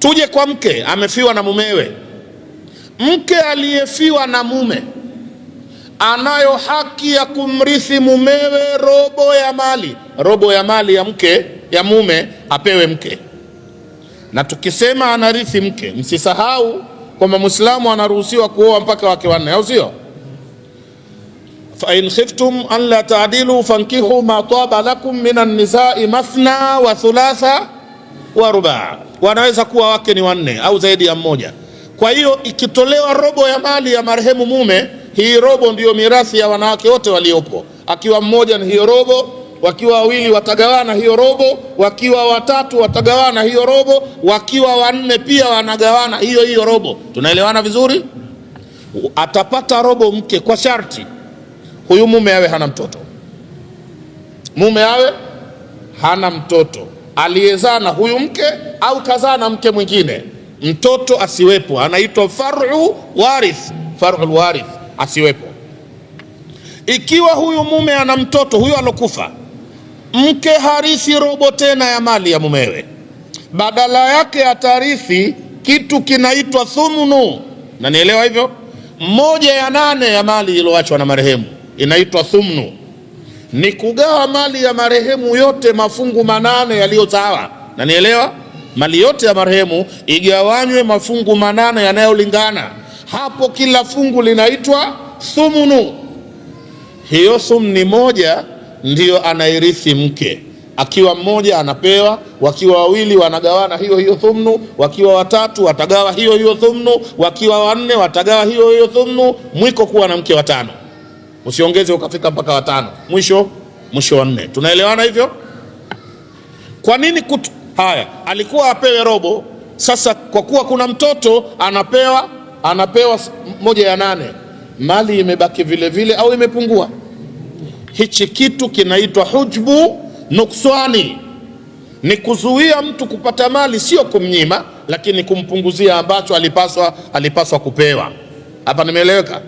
Tuje kwa mke amefiwa na mumewe. Mke aliyefiwa na mume anayo haki ya kumrithi mumewe robo ya mali, robo ya mali ya mke ya mume apewe mke. Na tukisema anarithi mke, msisahau kwamba Muislamu anaruhusiwa kuoa mpaka wake wanne, au sio? Fa in khiftum an la ta'dilu fankihu ma taba lakum minan nisa'i mathna wa thulatha wa rubaa wanaweza kuwa wake ni wanne au zaidi ya mmoja. Kwa hiyo ikitolewa robo ya mali ya marehemu mume, hii robo ndiyo mirathi ya wanawake wote waliopo. Akiwa mmoja ni hiyo robo, wakiwa wawili watagawana hiyo robo, wakiwa watatu watagawana hiyo robo, wakiwa wanne pia wanagawana hiyo hiyo robo. Tunaelewana vizuri? Atapata robo mke kwa sharti huyu mume awe hana mtoto, mume awe hana mtoto aliyezaa na huyu mke au kazaa na mke mwingine, mtoto asiwepo, anaitwa faru warith, faru warith asiwepo. Ikiwa huyu mume ana mtoto huyu alokufa, mke harithi robo tena ya mali ya mumewe, badala yake atarithi kitu kinaitwa thumnu, na nielewa hivyo, moja ya nane ya mali iliyoachwa na marehemu inaitwa thumnu ni kugawa mali ya marehemu yote mafungu manane yaliyotawa nanielewa mali yote ya marehemu igawanywe mafungu manane yanayolingana. Hapo kila fungu linaitwa thumunu. Hiyo thumni moja ndiyo anairithi mke akiwa mmoja anapewa, wakiwa wawili wanagawana hiyo hiyo thumnu, wakiwa watatu watagawa hiyo hiyo thumnu, wakiwa wanne watagawa hiyo hiyo thumnu, mwiko kuwa na mke watano usiongeze ukafika mpaka watano, mwisho mwisho wa nne. Tunaelewana hivyo? Kwa nini kutu? Haya, alikuwa apewe robo. Sasa kwa kuwa kuna mtoto anapewa anapewa moja ya nane, mali imebaki vile vile au imepungua. Hichi kitu kinaitwa hujbu nukswani, ni kuzuia mtu kupata mali, sio kumnyima, lakini kumpunguzia ambacho alipaswa alipaswa kupewa. Hapa nimeeleweka?